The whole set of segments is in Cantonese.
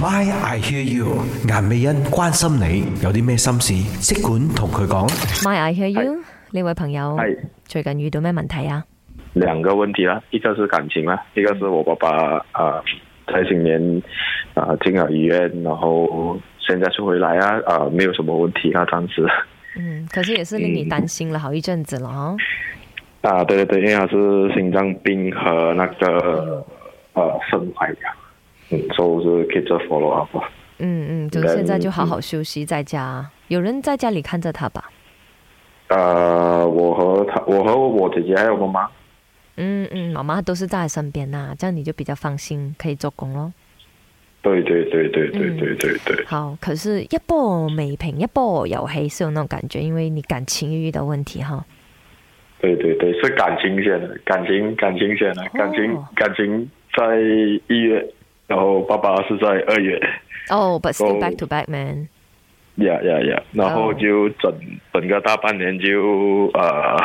MY I hear you？顏美欣關心你有啲咩心事，即管同佢講。MY I hear you？呢位朋友、Hi、最近遇到咩問題啊？兩個問題啦，一個是感情啦，一個是我爸爸啊前、呃、幾年啊進、呃、了醫院，然後現在出回來啊，啊、呃、沒有什麼問題啦、啊，當時。嗯，可是也是令你擔心了好一陣子咯、嗯。啊，對對對，因為是心臟病和那個啊腎衰嗯，就是、嗯嗯，就現在就好好休息在家、啊嗯，有人在家裏看着他吧。呃，我和他，我和我姐姐還有我媽。嗯嗯，媽媽都是在身邊呐、啊，這樣你就比較放心，可以做工嘍。對對對對對對對對，對、嗯。好，可是，一波未平，一波又黑，是有那種感覺，因為你感情遇到問題哈。對對對，是感情線，感情感情線啊，感情、哦、感、情感情在一月。然後爸爸是在二月。哦、oh，But still back to Batman。Yeah, yeah, yeah、oh。然後就整整個大半年就呃，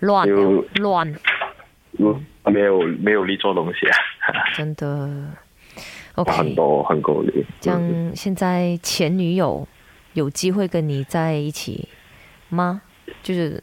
亂，亂，沒有沒有力做東西啊。真的、okay. 很多很夠力。像現在前女友有機會跟你在一起嗎？就是。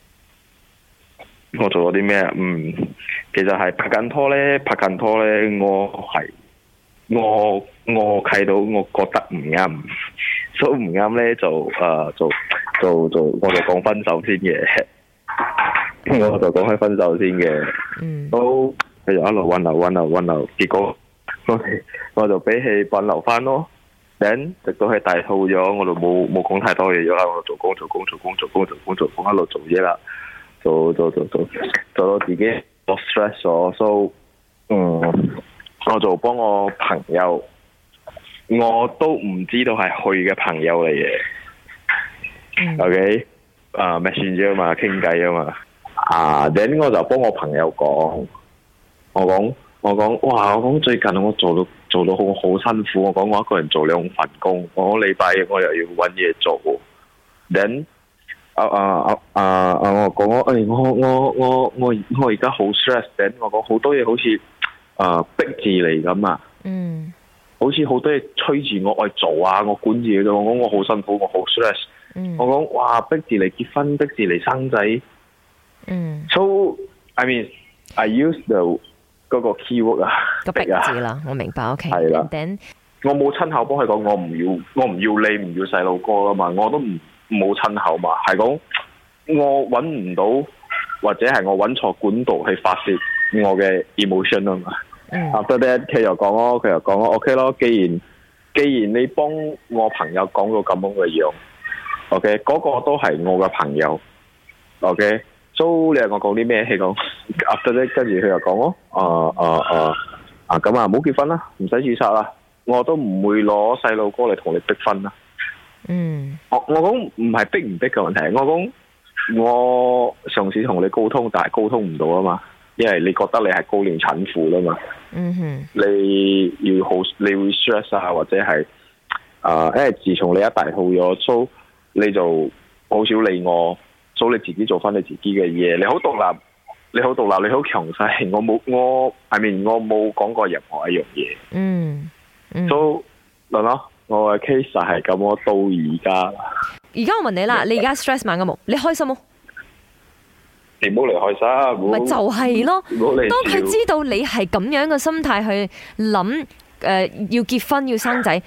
我做咗啲咩啊？嗯，其實係拍緊拖咧，拍緊拖咧，我係我我睇到我覺得唔啱，所以唔啱咧就誒，就、啊、就就，就我就講分手先嘅，我就講開分手先嘅，嗯，佢就一路挽留挽留挽留，結果我我就俾氣挽留翻咯，等直到係大肚咗，我就冇冇講太多嘢，咁我做工做工做工做工做工做工，做工，做工，做工我一路做嘢啦。做做做做到自己落 stress 咗，所、so, 以嗯，我就幫我朋友，我都唔知道係去嘅朋友嚟嘅。OK，啊、uh, message 啊嘛，傾偈啊嘛。啊、uh, 等我就幫我朋友講，我講我講，哇！我講最近我做到做到好好辛苦，我講我一個人做兩份工，我禮拜我又要揾嘢做 then 啊啊啊啊啊！我講，誒，我我我我我而家好 stress，頂我講好多嘢好似誒逼住嚟咁啊，嗯，好似好多嘢催住我去做啊，我管住佢都講我好辛苦，我好 stress，我講哇逼住嚟結婚，逼住嚟生仔，嗯，so I mean I use the 嗰個 keyword 啊，個逼字啦，我明白，OK，係啦，我冇親口幫佢講，我唔要，我唔要你，唔要細路哥啊嘛，我都唔。冇親口嘛，係講我揾唔到，或者係我揾錯管道去發泄我嘅 emotion 啊嘛。After that，佢又講咯，佢又講咯，OK 咯。既然既然你幫我朋友講到咁樣嘅樣，OK，嗰個都係我嘅朋友，OK。So 你係我講啲咩？係講 After that，跟住佢又講咯，啊啊啊啊咁啊，唔好結婚啦，唔使自殺啦，我都唔會攞細路哥嚟同你逼婚啦。嗯、mm -hmm.，我我講唔係逼唔逼嘅問題，我講我嘗試同你溝通，但係溝通唔到啊嘛，因為你覺得你係高齡產婦啦嘛，嗯哼，你要好，你會 stress 下或者係啊、呃，因為自從你一大號咗，so 你就好少理我 so 你自己做翻你自己嘅嘢，你好獨立，你好獨立，你好強勢，我冇我係咪 I mean, 我冇講過任何一樣嘢，嗯 so 係樂我嘅 case 係咁，我到而家。而家我問你啦，你而家 stress 萬個冇？你開心冇？你唔好嚟開心。咪就係咯。當佢知道你係咁樣嘅心態去諗，誒、呃，要結婚要生仔，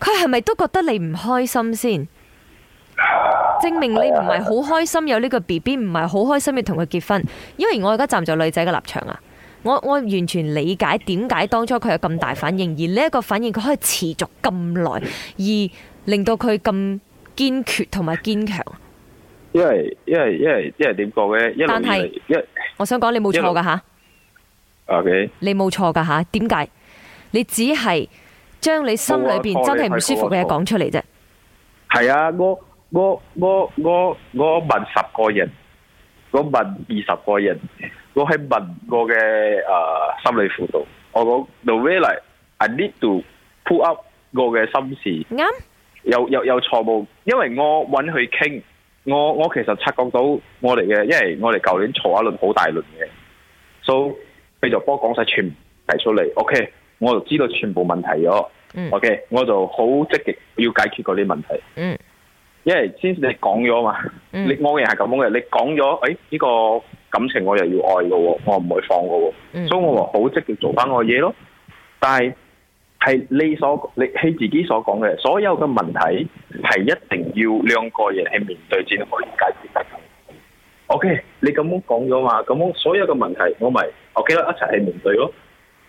佢係咪都覺得你唔開心先，啊？證明你唔係好開心有寶寶，有呢個 B B 唔係好開心要同佢結婚，因為我而家站在女仔嘅立場啊。我我完全理解點解當初佢有咁大反應，而呢一個反應佢可以持續咁耐，而令到佢咁堅決同埋堅強。因為因為因為呢因為點講呢？但係我想講你冇錯噶吓。O K。你冇錯噶吓，點解？Okay. 你只係將你心裏邊真係唔舒服嘅嘢講出嚟啫。係啊，我我我我我問十個人，我問二十個人。我係問我嘅誒、呃、心理輔導，我講 the way 嚟，I need to pull up 我嘅心事，啱、嗯。有有有錯誤，因為我揾佢傾，我我其實察覺到我哋嘅，因為我哋舊年嘈一輪好大輪嘅，所以佢就幫我講晒全提出嚟，OK，我就知道全部問題咗，OK，、嗯、我就好積極要解決嗰啲問題，嗯，因為先你講咗嘛，你我嘅係咁樣嘅，你講咗，誒、哎、呢、這個。感情我又要愛噶，我唔會放噶，所以我話好積極做翻我嘢咯。但係係你所你你自己所講嘅，所有嘅問題係一定要兩個人係面對先可以解決得。O K，你咁樣講咗話，咁我所有嘅問題我咪 O K 一齊去面對咯。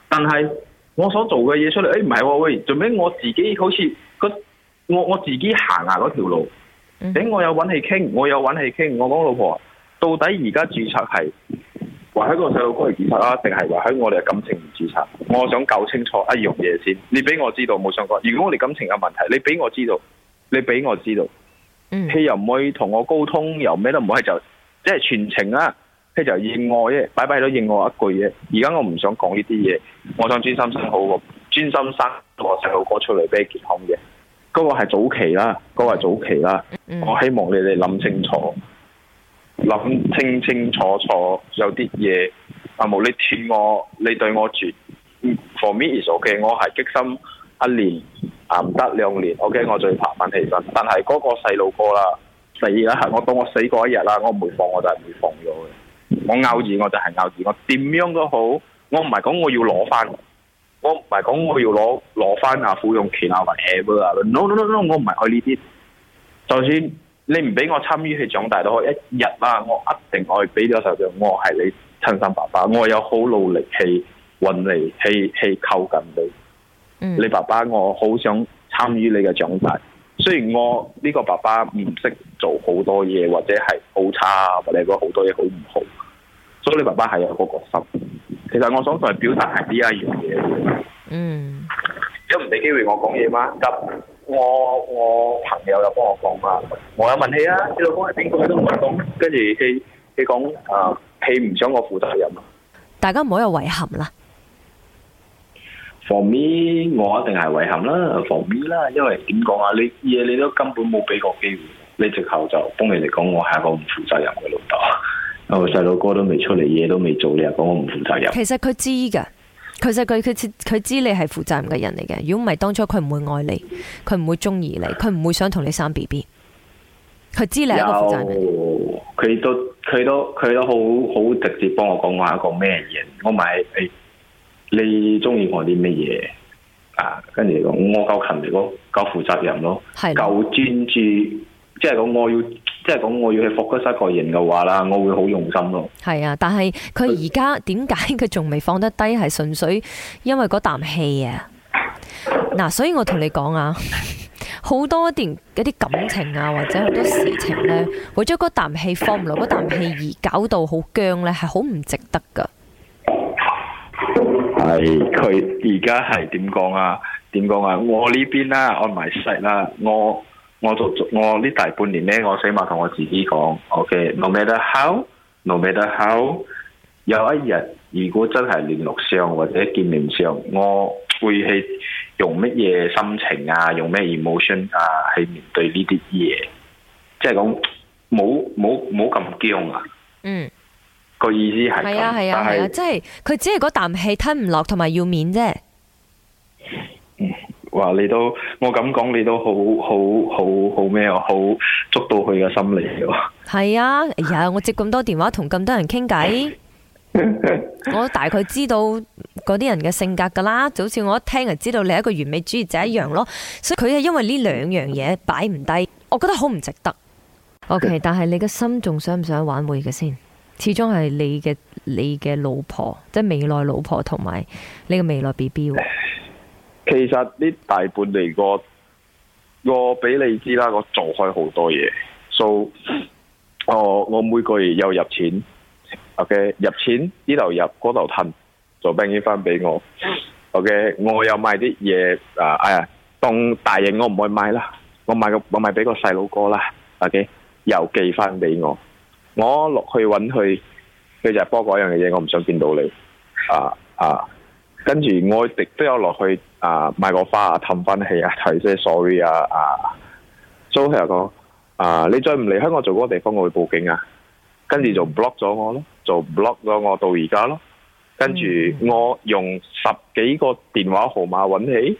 但係我所做嘅嘢出嚟，誒，唔係喎喂，做咩我自己好似個我我自己行下嗰條路？誒，我有揾佢傾，我有揾佢傾，我講老婆。到底而家註冊係話喺個細路哥而註冊啊？定係話喺我哋嘅感情唔註冊？我想搞清楚一樣嘢先用。你俾我知道冇想過。如果我哋感情有問題，你俾我知道，你俾我，我知道。嗯。佢又唔可以同我溝通，又咩都唔可以就即係、就是、全程啦、啊。佢就意外啫，擺擺都意外一句嘢。而家我唔想講呢啲嘢，我想專心生好個，專心生個細路哥出嚟俾你健康嘅。嗰、那個係早期啦，嗰、那個係早期啦、嗯。我希望你哋諗清楚。諗清清楚楚，有啲嘢阿母你斷我，你對我絕，for me is ok，我係激心一年啊唔得兩年，OK，我再爬翻起身。但係嗰個細路哥啦，第二啦，我當我死過一日啦，我唔會放我就係唔會放咗嘅。我拗斷我就係拗斷，我點樣都好，我唔係講我要攞翻，我唔係講我要攞攞翻啊撫養權啊 whatever 啊，no no no no，我唔係呢啲，就算。你唔俾我參與去長大，都可以一日啦，我一定我係俾咗手掌，我係你親生爸爸，我有好努力去搵你去去靠近你、嗯。你爸爸我好想參與你嘅長大，雖然我呢個爸爸唔識做好多嘢，或者係好差，或者好多嘢好唔好，所以你爸爸係有嗰個心。其實我想同你表達係呢一樣嘢。嗯，一唔俾機會我講嘢嗎？急。我我朋友有幫我講啊。我有問你啊，你老公係邊個都唔係講，跟住你你講啊，佢唔想我負責任啊。大家唔好有遺憾啦。防咪，我一定係遺憾啦，防咪啦，因為點講啊，你嘢你都根本冇俾過機會，你直頭就封你嚟講，我係一個唔負責任嘅老豆，我細佬哥都未出嚟，嘢都未做，你又講我唔負責任。其實佢知噶。其實佢佢知佢知你係負責任嘅人嚟嘅。如果唔係當初佢唔會愛你，佢唔會中意你，佢唔會想同你生 B B。佢知你係負責任。有佢都佢都佢都好好直接幫我講我係一個咩嘢？我咪誒、哎，你中意我啲咩嘢啊？跟住我我夠勤力咯，夠負責任咯，夠專注，即係講我要。即係講我要去復嗰失個人嘅話啦，我會好用心咯。係啊，但係佢而家點解佢仲未放得低？係純粹因為嗰啖氣啊！嗱，所以我同你講啊，好多段一啲感情啊，或者好多事情呢，為咗嗰啖氣放唔落嗰啖氣而搞到好僵呢，係好唔值得㗎。係，佢而家係點講啊？點講啊？我呢邊啦、啊，我唔係啦，我。我我呢大半年呢，我死埋同我自己講，OK，No matter how，No matter how。有一日如果真係聯絡上或者見面上，我會係用乜嘢心情啊，用咩 emotion 啊，去面對呢啲嘢。即係講冇冇冇咁驚啊！嗯，個意思係，係啊係啊係啊，啊啊即係佢只係嗰啖氣吞唔落，同埋要面啫。嗯話你都，我咁講你都好好好好咩啊？好捉到佢嘅心理啊！係啊，哎呀，我接咁多電話同咁多人傾偈， 我大概知道嗰啲人嘅性格噶啦，就好似我一聽就知道你係一個完美主義者一樣咯。所以佢係因為呢兩樣嘢擺唔低，我覺得好唔值得。OK，但係你嘅心仲想唔想挽回嘅先？始終係你嘅你嘅老婆，即係未來老婆同埋你個未來 BB。其實呢大半嚟個，我俾你知啦，我做開好多嘢，so，哦，我每個月又入錢，ok，入錢呢度入，嗰度吞，就俾翻俾我，ok，我又賣啲嘢，啊，哎呀，當大型我唔會賣啦，我賣個我賣俾個細佬哥啦，ok，又寄翻俾我，我落去搵佢，佢就係波嗰樣嘢，我唔想見到你，啊啊。跟住我亦都有落去啊！買個花啊，氹翻氣啊，睇些 Sorry 啊啊！蘇 Sir 講啊，你再唔離開我做嗰個地方，我會報警啊！跟住就 block 咗我咯，就 block 咗我到而家咯。跟住我用十幾個電話號碼揾起，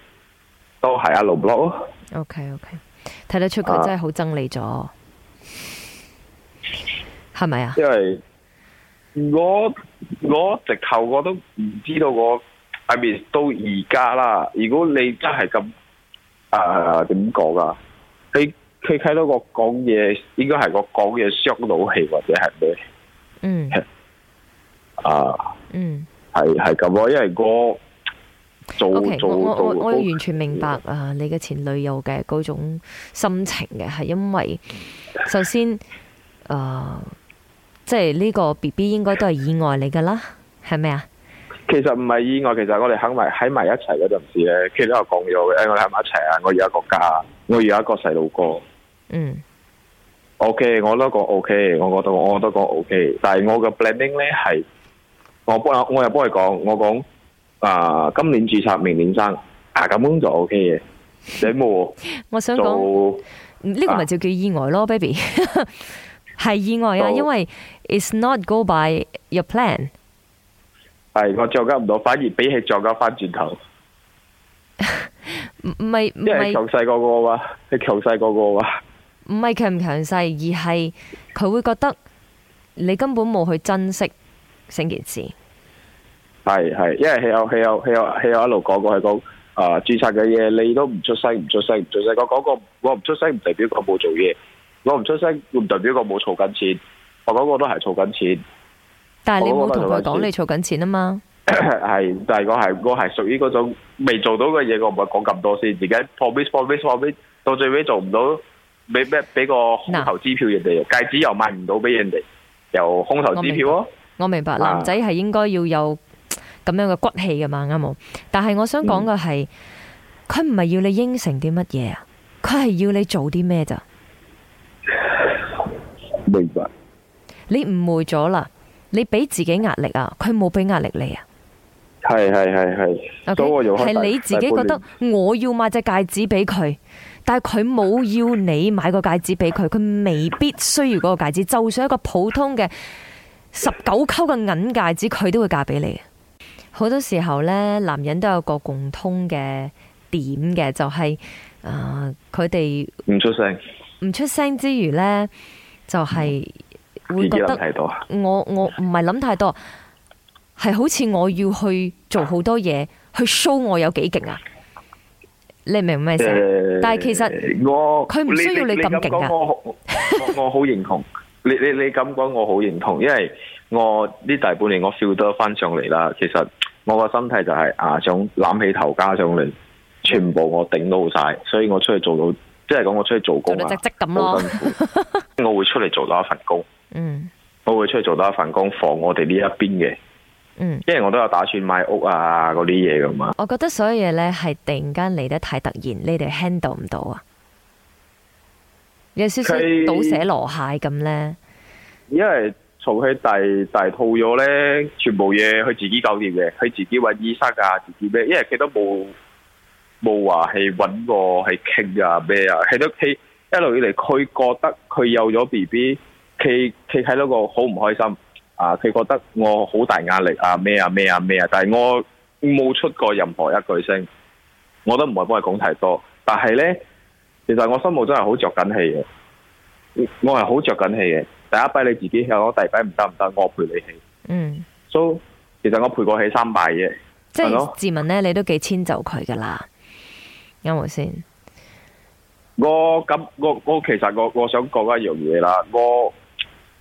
都係阿盧 block。O K O K，睇得出佢真係好憎你咗，係、啊、咪啊？因為如我，我直頭，我都唔知道我。係 I 咪 mean，到而家啦？如果你真係咁，誒點講啊？你佢睇到我講嘢，應該係我講嘢傷腦氣，或者係咩？嗯。啊。嗯。係係咁咯，因為我做 okay，做，做，做，做我我，做我完全明白啊！啊你嘅前女友嘅嗰種心情嘅，係因為首先誒，即係呢個 BB 應該都係意外你噶啦，係咪啊？其實唔係意外，其實我哋肯埋喺埋一齊嗰陣時咧，其實都有講咗誒，我哋喺埋一齊啊，我而家有個家，我而家一個細路哥。嗯。O、okay, K，我都講 O K，我覺得我都講 O K，但係我嘅 blending 咧係，我幫我又幫佢講，我講，啊、呃，今年注冊，明年生，啊咁就 O K 嘅。你冇？我想講，呢、這個咪就叫意外咯、啊，baby，係 意外啊，so, 因為 it's not go by your plan。係我作假唔到，反而比起作假翻轉頭，唔係唔係，即係強勢過我嘛，係強勢過我嘛，唔係強唔強勢，而係佢會覺得你根本冇去珍惜成件事。係係，因為係有係有係有,有,有一路講過係講啊注冊嘅嘢，你都唔出聲，唔出聲，唔出聲。我講過，我唔出聲唔代表我冇做嘢，我唔出聲唔代表我冇儲緊錢，我講過都係儲緊錢。但係你冇同佢講你措緊錢啊嘛，係、嗯，但係我係我係屬於嗰種未做到嘅嘢，我唔係講咁多先，自己 p r o m e p r o m i s e p r o m 到最尾做唔到，俾咩俾個空頭支票人哋，戒指又賣唔到俾人哋，又空頭支票哦、啊。我明白，我明白啊、男仔係應該要有咁樣嘅骨氣噶嘛，啱冇？但係我想講嘅係，佢唔係要你應承啲乜嘢啊，佢係要你做啲咩咋？明白？你誤會咗啦。你俾自己壓力啊，佢冇俾壓力你啊。係係係係。O K，係你自己覺得我要買隻戒指俾佢，但係佢冇要你買個戒指俾佢，佢未必需要嗰個戒指。就算一個普通嘅十九溝嘅銀戒指，佢都會嫁俾你。好多時候呢，男人都有個共通嘅點嘅，就係、是、啊，佢哋唔出聲，唔出聲之餘呢，就係、是。會覺得我我唔係諗太多，係 好似我要去做好多嘢，去 show 我有幾勁啊！你明唔明咩？但係其實佢唔需要你咁勁噶。我好認同，你你你咁講我好認同，因為我呢大半年我笑得翻上嚟啦。其實我個心態就係啊，想攬起頭加上嚟，全部我頂到晒，所以我出去做到，即係講我出去做工啊，積積咁咯。 我會出嚟做到一份工。嗯，我會出去做多一份工，我哋呢一邊嘅，嗯，因為我都有打算買屋啊，嗰啲嘢㗎嘛。我覺得所有嘢咧係突然間嚟得太突然，你哋 handle 唔到啊，有少少倒瀉羅蟹咁咧。因為從佢第第套咗咧，全部嘢佢自己搞掂嘅，佢自己搵醫生啊，自己咩，因為佢都冇冇話係搵個係傾啊咩啊，喺度佢一路以嚟佢覺得佢有咗 B B。佢佢睇到我好唔開心，啊！佢覺得我好大壓力啊咩啊咩啊咩啊！但係我冇出過任何一句聲，我都唔會幫佢講太多。但係呢，其實我心目中真係好着緊氣嘅，我係好着緊氣嘅。第一杯你自己係咯，第二杯唔得唔得，我陪你起。嗯，蘇、so,，其實我陪過起三擺嘅，係咯。即係自問呢，你都幾遷就佢噶啦，有冇先？我咁，我我其實我我想講一樣嘢啦，我。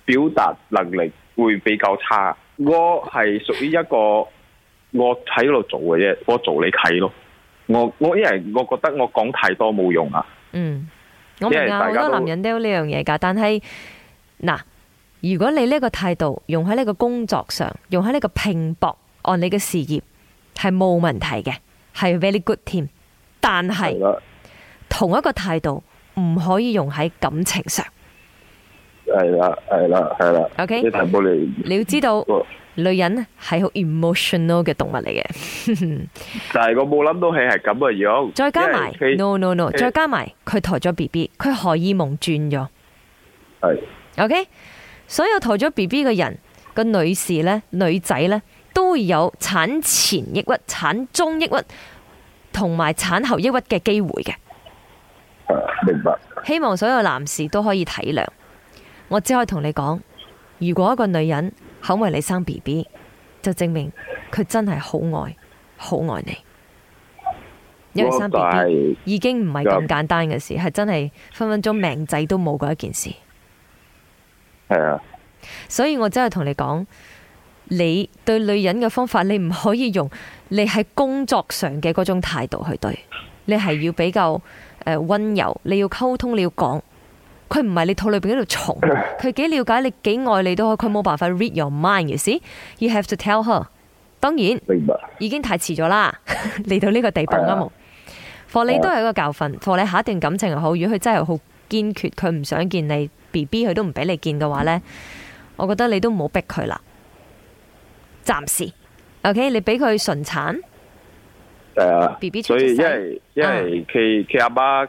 表達能力會比較差。我係屬於一個我喺度做嘅啫，我做你睇咯。我我因為我覺得我講太多冇用啊。嗯，我明白好、啊就是，多男人都有呢樣嘢噶。但係嗱，如果你呢個態度用喺呢個工作上，用喺呢個拼搏按你嘅事業係冇問題嘅，係 very good 添。但係同一個態度唔可以用喺感情上。係啦，係啦，係啦。OK，你要知道，女人係好 emotional 嘅動物嚟嘅。 但係我冇諗到係係咁嘅樣,樣。再加埋 ，no no no， 再加埋，佢陀咗 B B，佢荷爾蒙轉咗。係。OK，所有陀咗 B B 嘅人，個女士呢，女仔呢，都會有產前抑鬱、產中抑鬱同埋產後抑鬱嘅機會嘅。明白。希望所有男士都可以體諒。我只可以同你講，如果一個女人肯為你生 B B，就證明佢真係好愛，好愛你。因為生 B B 已經唔係咁簡單嘅事，係真係分分鐘命仔都冇過一件事。係啊，所以我只係同你講，你對女人嘅方法，你唔可以用你喺工作上嘅嗰種態度去對，你係要比較誒溫柔，你要溝通，你要講。佢唔係你肚裏邊嗰條蟲，佢幾了解你，幾愛你都好，佢冇辦法 read your mind 嘅 you 事，you have to tell her。當然，已經太遲咗啦，嚟 到呢個地步啦。莫，俾你都有個教訓，俾你下一段感情又好，如果佢真係好堅決，佢唔想見你 B B，佢都唔俾你見嘅話呢，我覺得你都唔好逼佢啦。暫時，OK，你俾佢順產，B B 所以因為因為佢佢阿媽。Yeah. 寶寶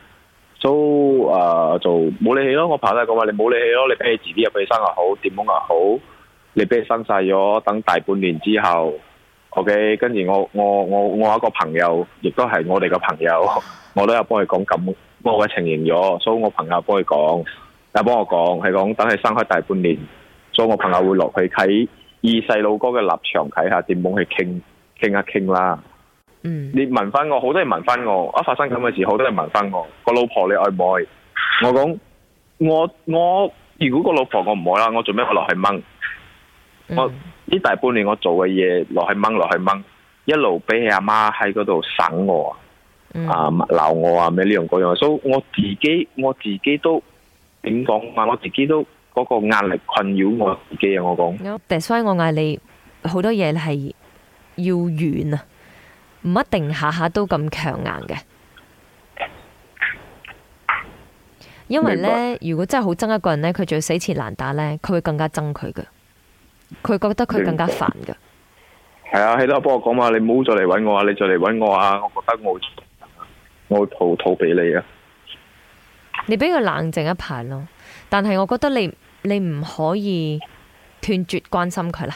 都誒，就冇理氣咯。我朋友講話，你冇理氣咯，你俾你自己入去生又好，點講又好，你俾佢生晒咗，等大半年之後，O K。跟、okay? 住我我我我一個朋友，亦都係我哋嘅朋友，我都有幫佢講咁我嘅情形咗，所、so, 以我朋友幫佢講，但幫我講，係講等佢生開大半年，所、so, 以我朋友會落去睇二細路哥嘅立場睇下點講，看看電去傾傾一傾啦。嗯，你問翻我，好多人問翻我，一發生咁嘅事，好多人問翻我，個老婆你愛唔愛？我講我我如果個老婆我唔愛啦，我做咩我落去掹、嗯？我呢大半年我做嘅嘢落去掹落去掹，一路俾阿媽喺嗰度省我，嗯、啊鬧我啊咩呢樣嗰樣，所以我自己我自己都點講啊？我自己都嗰個壓力困擾我自己啊、那個！我講，所以我嗌你好多嘢係要遠啊。唔一定下下都咁強硬嘅，因為呢，如果真係好憎一個人呢，佢仲要死纏爛打呢，佢會更加憎佢噶，佢覺得佢更加煩噶。係啊，係啦，幫我講嘛，你唔好再嚟搵我啊，你再嚟搵我啊，我覺得我我會吐吐俾你啊。你俾佢冷靜一排咯，但係我覺得你你唔可以斷絕關心佢啦。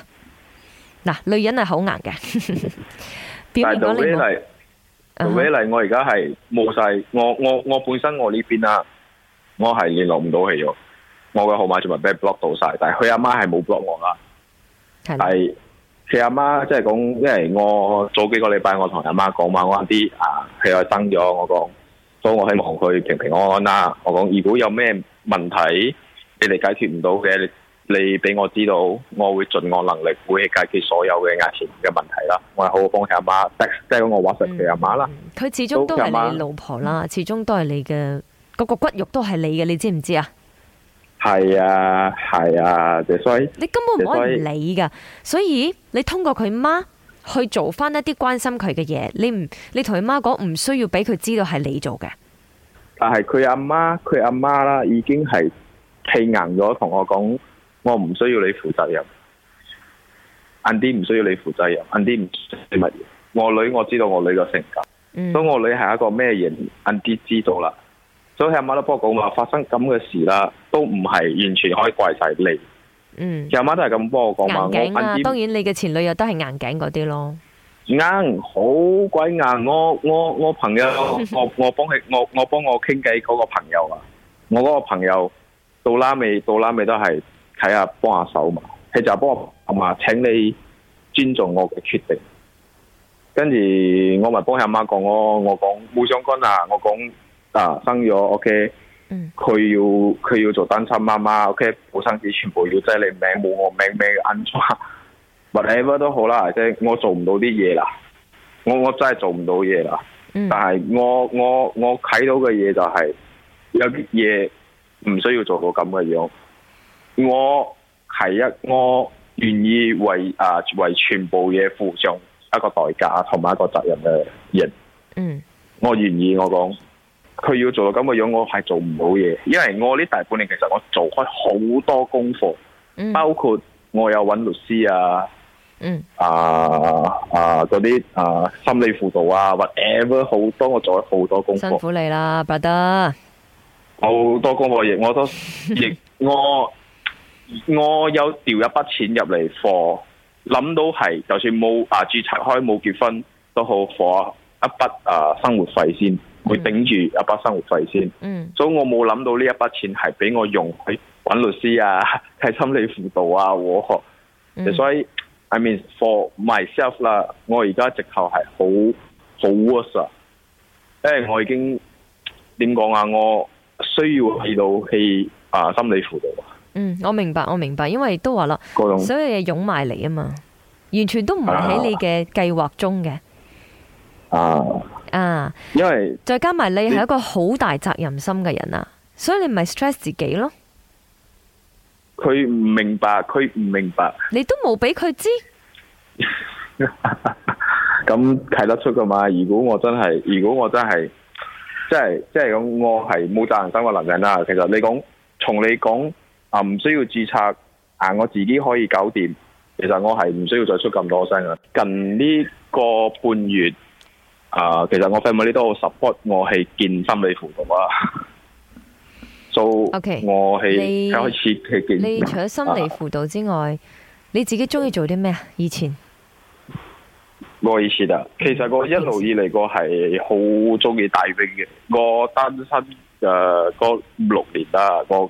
嗱，女人係好硬嘅。 但係杜偉嚟，杜偉嚟我而家係冇晒，我我我本身我呢邊啊，我係聯絡唔到佢，我嘅號碼全部俾 block 到晒。但係佢阿媽係冇 block 我噶，係佢阿媽即係講，因為我早幾個禮拜我同阿媽講嘛，我啲啊，佢又生咗，我講，所以我希望佢平平安安啦。我講，如果有咩問題，你哋解決唔到嘅，你俾我知道，我會盡我能力，會解決所有嘅眼前嘅問題啦。我係好好幫佢阿媽，即即係我話實佢阿媽啦。佢、嗯、始終都係你老婆啦、嗯，始終都係你嘅嗰、嗯、個骨肉都係你嘅，你知唔知啊？係啊，係啊，所以你根本唔可以唔理噶。所以你通過佢媽去做翻一啲關心佢嘅嘢，你唔你同佢媽講唔需要俾佢知道係你做嘅。但係佢阿媽，佢阿媽啦，已經係企硬咗，同我講。我唔需要你負責任，Andy 唔需要你負責任，Andy 唔需要啲乜嘢。我女我知道我女個性格、嗯，所以我女係一個咩人，Andy 知道啦。所以阿媽都幫我講話發生咁嘅事啦，都唔係完全可以怪晒你。嗯，阿媽都係咁幫我講話，啊、Andy，當然你嘅前女友都係硬頸嗰啲咯，啱，好鬼硬。我我我朋友， 我我幫佢，我我幫我傾偈嗰個朋友啊，我嗰個朋友到拉尾到拉尾都係。睇下幫下手嘛，係就係幫我嘛，請你尊重我嘅決定。跟住我咪幫阿媽講，我我講冇相干啦，我講啊，我啊生咗 OK，佢要佢要做單親媽媽 OK，冇生子全部要即係你名，冇我名名暗咗，whatever 都好啦，即係我做唔到啲嘢啦，我我真係做唔到嘢啦。但係我我我睇到嘅嘢就係、是、有啲嘢唔需要做到咁嘅樣的事情。我係一我願意為啊為全部嘢付上一個代價，同埋一個責任嘅人。嗯，我願意我講，佢要做到咁嘅樣，我係做唔到嘢，因為我呢大半年其實我做開好多功課，嗯，包括我有揾律師啊，嗯，啊啊嗰啲啊心理輔導啊，或者好多我做咗好多功課。辛苦你啦，伯德。好多功課亦我都亦 我。我有調一筆錢入嚟放，諗到係就算冇啊註冊開冇結婚都好，放一筆啊生活費先，會頂住一筆生活費先。嗯，所以我冇諗到呢一筆錢係俾我用去揾律師啊，係、啊啊、心理輔導啊，我學，所、mm、以 -hmm. so, I mean for myself 啦、uh,，我而家直頭係好好 w 啊，因為我已經點講啊，我需要去到去啊心理輔導。嗯，我明白，我明白，因為都話啦，所有嘢湧埋嚟啊嘛，完全都唔係喺你嘅計劃中嘅。啊啊，因為再加埋你係一個好大責任心嘅人啊，所以你咪 stress 自己咯。佢唔明白，佢唔明白。你都冇俾佢知。咁 睇得出噶嘛？如果我真係，如果我真係，即係即係咁，就是、我係冇責任心嘅男人啦。其實你講，從你講。啊！唔需要註冊，啊！我自己可以搞掂。其實我係唔需要再出咁多聲嘅。近呢個半月啊，其實我 family 都好 support，我係見心理輔導啊。做 So, Okay，我係開始去見。你除咗心理輔導之外， 你自己中意做啲咩啊？以前？我以前啊，其實我一路以嚟我係好中意大兵嘅。我單身誒，個五六年啦，啊，我。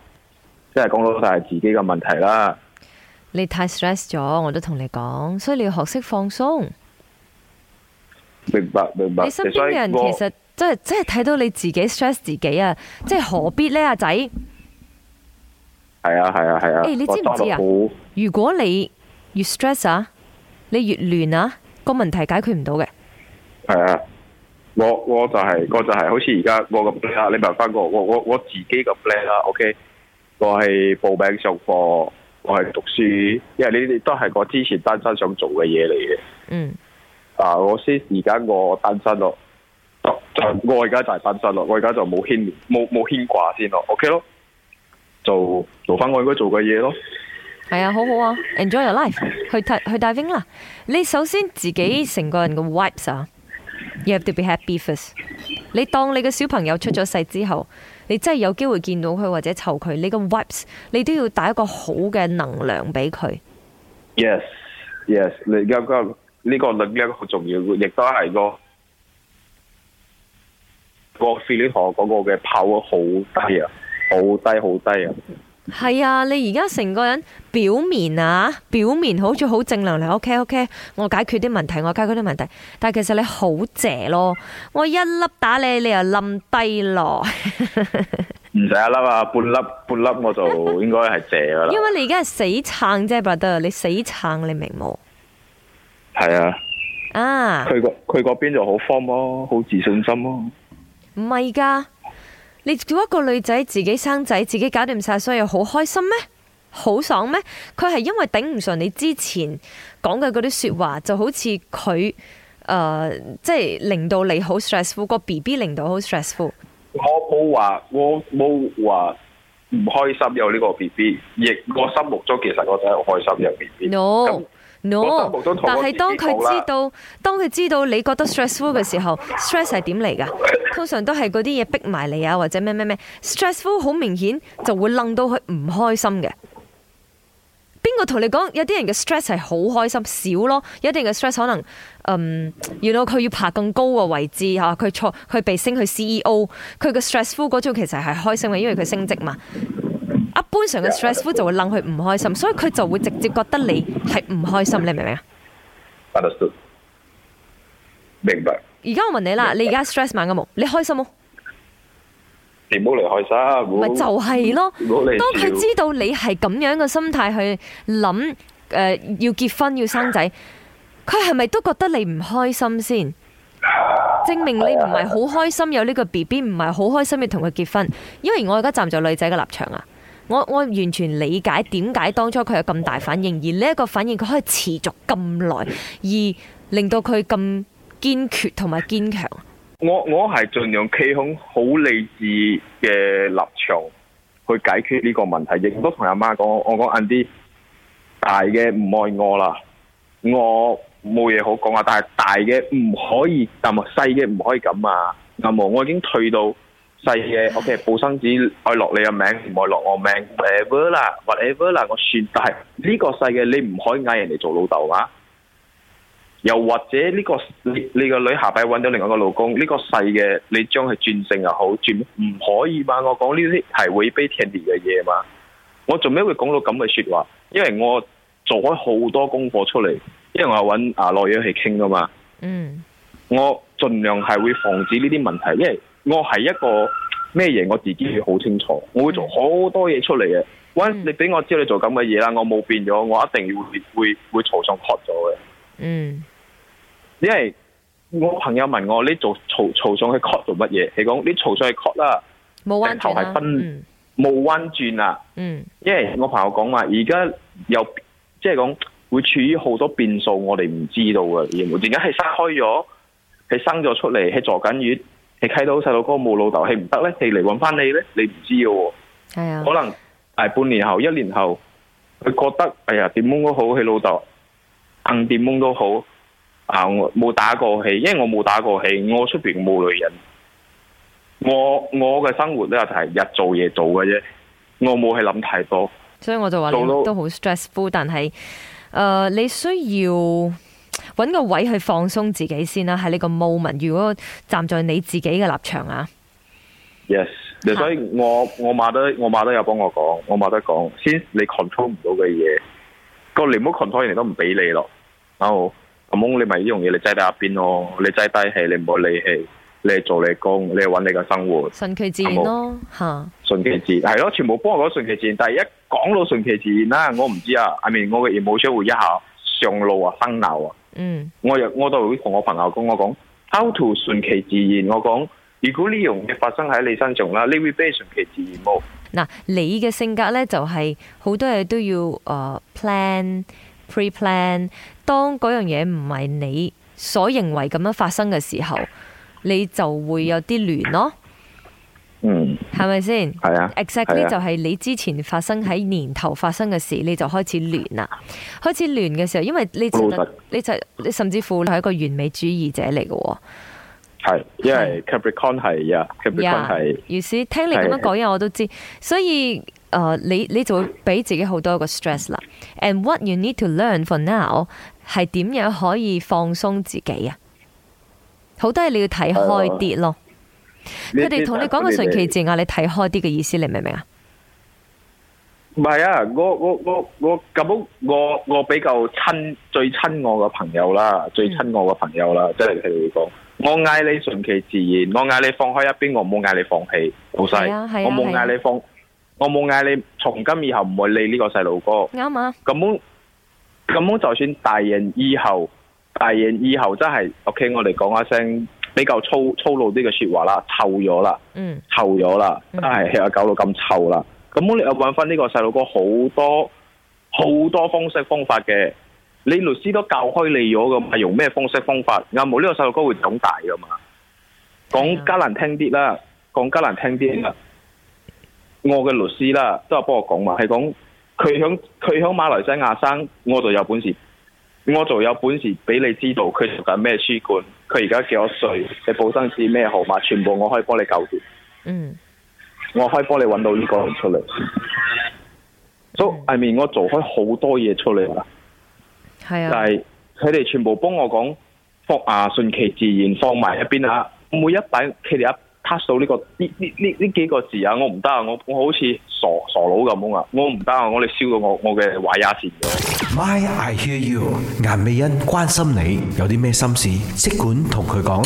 即係講到就係自己嘅問題啦。你太 stress 咗，我都同你講，所以你要學識放鬆。明白明白。你身邊嘅人其實即係即係睇到你自己 stress 自己啊，即係何必咧？阿仔，係啊係啊係啊。啊啊啊欸、你知唔知啊我打得好。如果你越 stress 啊，你越亂啊，個問題解決唔到嘅。係啊，我我就係、是、我就係、是、好似而家我咁叻啦。你問翻我，我我我自己咁叻啦。OK。我係報名上課，我係讀書，因為呢啲都係我之前單身想做嘅嘢嚟嘅。嗯，啊，我先而家我單身咯，我而家就係單身咯，我而家就冇牽，冇冇牽掛先咯。OK 咯，就做做翻我應該做嘅嘢咯。係啊，好好啊，Enjoy your life， 去睇去 diving 啦。你首先自己成個人嘅 vibes 啊，you have to be happy first. 你當你嘅小朋友出咗世之後。你真係有機會見到佢或者湊佢，你個 vibes 你都要帶一個好嘅能量俾佢。Yes，yes，你 yes，而家呢個能量好重要，亦都係個國士的那個士。你同我講過嘅，跑得好低啊，好低，好低啊。係啊，你而家成個人表面啊，表面好似好正能量，OK OK，我解決啲問題，我解決啲問題。但係其實你好借咯，我一粒打你，你又冧低咯。唔 使一粒啊，半粒半粒我就應該係借啦。 因為你而家係死撐啫，brother，你死撐，你明冇？係啊。啊！佢個佢邊就好 form 咯，好自信心咯、啊。唔係噶。你叫一個女仔自己生仔，自己搞掂晒，所以好開心咩？好爽咩？佢係因為頂唔順你之前講嘅嗰啲說話，就好似佢誒，即係令到你好 stressful，個 B B 令到好 stressful。我冇話我冇話唔開心有呢個 B B，亦我心目中其實我都係開心有 B B。No。No，但係當佢知道， 當佢知道你覺得 stressful 嘅時候，stress 係點嚟噶？通常都係嗰啲嘢逼埋你啊，或者咩咩咩。stressful 好明顯就會楞到佢唔開心嘅。邊個同你講有啲人嘅 stress 係好開心少咯？有啲人嘅 stress 可能，嗯、呃，原來佢要爬更高嘅位置吓，佢錯，佢被升去 CEO，佢嘅 stressful 嗰種其實係開心嘅，因為佢升職嘛。通常嘅 stressful 就會令佢唔開心，所以佢就會直接覺得你係唔開心。你明唔明啊？明白。而家我問你啦，你而家 stress 滿個冇，你開心冇，哦？你唔好嚟開心。咪就係咯。唔當佢知道你係咁樣嘅心態去諗，誒、呃，要結婚要生仔，佢係咪都覺得你唔開心先，啊？證明你唔係好開心，有呢個 BB 唔係好開心要同佢結婚，因為我而家站在女仔嘅立場啊。我我完全理解點解當初佢有咁大反應，而呢一個反應佢可以持續咁耐，而令到佢咁堅決同埋堅強。我我係盡量企喺好理智嘅立場去解決呢個問題，亦都同阿媽講：我講 Andy，大嘅唔愛我啦，我冇嘢好講啊！但係大嘅唔可以，但係細嘅唔可以咁啊！阿毛，我已經退到。細嘅，OK，報生紙愛落你嘅名，唔愛落我名，whatever 啦，whatever 啦，我算，但係呢個細嘅你唔可以嗌人哋做老豆啊。又或者呢個你個女下擺揾到另外一個老公，呢個細嘅你將佢轉姓又好，轉唔可以嘛？我講呢啲係會悲天憐嘅嘢嘛？我做咩會講到咁嘅說話？因為我做開好多功課出嚟，因為我揾阿羅宇去傾㗎嘛。嗯、mm.，我盡量係會防止呢啲問題，因為。我係一個咩嘢，什麼東西我自己會好清楚。我會做好多嘢出嚟嘅。Mm -hmm. 你俾我知道你做咁嘅嘢啦，我冇變咗，我一定要會會，嘈上 call 咗嘅。嗯、mm -hmm.，因為我朋友問我你做嘈嘈上去 call 做乜嘢？你講你嘈上去 call 啦，冇彎頭係分冇彎轉啊。嗯，因為我朋友講話而家又即係講會處於好多變數，我哋唔知道嘅。而家係生開咗，係生咗出嚟，係坐緊月。看我弟弟爸爸他他你睇到細路哥冇老豆，氣唔得咧，你嚟搵翻你咧，你唔知嘅。係啊，可能大半年後、一年後，佢覺得哎呀，點懵都好，佢老豆硬點懵都好。啊，我冇打過氣，因為我冇打過氣，我出邊冇女人。我我嘅生活咧就係日做夜做嘅啫，我冇去諗太多。所以我就話你都好 stressful，但係誒、呃、你需要。揾個位去放鬆自己先啦、啊，喺你個 moment 如果站在你自己嘅立場啊，yes，所以，我我馬都我馬都有幫我講，我馬得講。先你 control 唔到嘅嘢，個你唔好 control 你都唔俾你咯。哦，咁你咪呢樣嘢，你擠喺邊咯，你擠低氣，你唔好理氣，你做你工，你揾你嘅生活，順其自然咯、哦，吓、嗯，順其自然係咯，全部幫我講順其自然。但係一講到順其自然啦，我唔知啊，阿 I 明 mean，我嘅 emotion 會一下上路啊，生鬧啊。嗯，我又我都會同我朋友講，我講 out to 順其自然，我講如果呢樣嘢發生喺你身上啦，呢會都係順其自然冇。嗱，你嘅性格咧就係、是、好多嘢都要誒、uh, plan pre plan，當嗰樣嘢唔係你所認為咁樣發生嘅時候，你就會有啲亂咯。嗯，係咪先？係啊，Exactly 是啊，是啊，就係、是、你之前發生喺年頭發生嘅事，你就開始亂啦，開始亂嘅時候，因為你就你就你甚至乎係一個完美主義者嚟嘅。係，因為 Capricorn 係啊、yeah,，Capricorn 係，於、yeah, 是聽你咁樣講，因為我都知，所以誒、呃，你你就會俾自己好多個 stress 啦。 and what you need to learn for now 係點樣可以放鬆自己啊？好，都係你要睇開啲咯。佢哋同你講個順其自然，你睇開啲嘅意思，你明唔明啊？唔係啊，我我我我咁我我比較親，最親我個朋友啦，嗯、最親我個朋友啦，即係佢講，我嗌你順其自然，我嗌你放開一邊，我冇嗌你放棄，老細、啊啊，我冇嗌你、啊啊、你放，我冇嗌你從今以後唔會理呢個細路哥，啱、嗯、啊。咁樣咁就算大人以後，大人以後真係，OK，我哋講一聲。比較粗粗魯啲嘅說話啦，臭咗啦，臭咗啦，係、嗯哎嗯、又搞到咁臭啦。咁我哋又揾翻呢個細路哥好多好多方式方法嘅，你律師都教開你咗噶嘛？用咩方式方法？阿毛呢個細路哥會長大噶嘛？講、嗯、加難聽啲啦，講加難聽啲啦、嗯。我嘅律師啦都係幫我講嘛，係講佢響佢響馬來西亞生，我就有本事，我就有本事俾你知道佢讀緊咩書館。佢而家幾多歲？你報生紙咩號碼？全部我可以幫你搞掂，嗯、mm.，我可以幫你揾到呢個出嚟。所以係面我做開好多嘢出嚟啦。係、mm. 就是、啊，但係佢哋全部幫我講放啊，順其自然放埋一邊啊。每一擺佢哋一。呢、這個呢呢呢呢幾個字啊，我唔得啊，我我好似傻傻佬咁啊，我唔得啊，我哋燒到我我嘅壞牙線。MY I Hear U，顏美欣關心你，有啲咩心事，即管同佢講。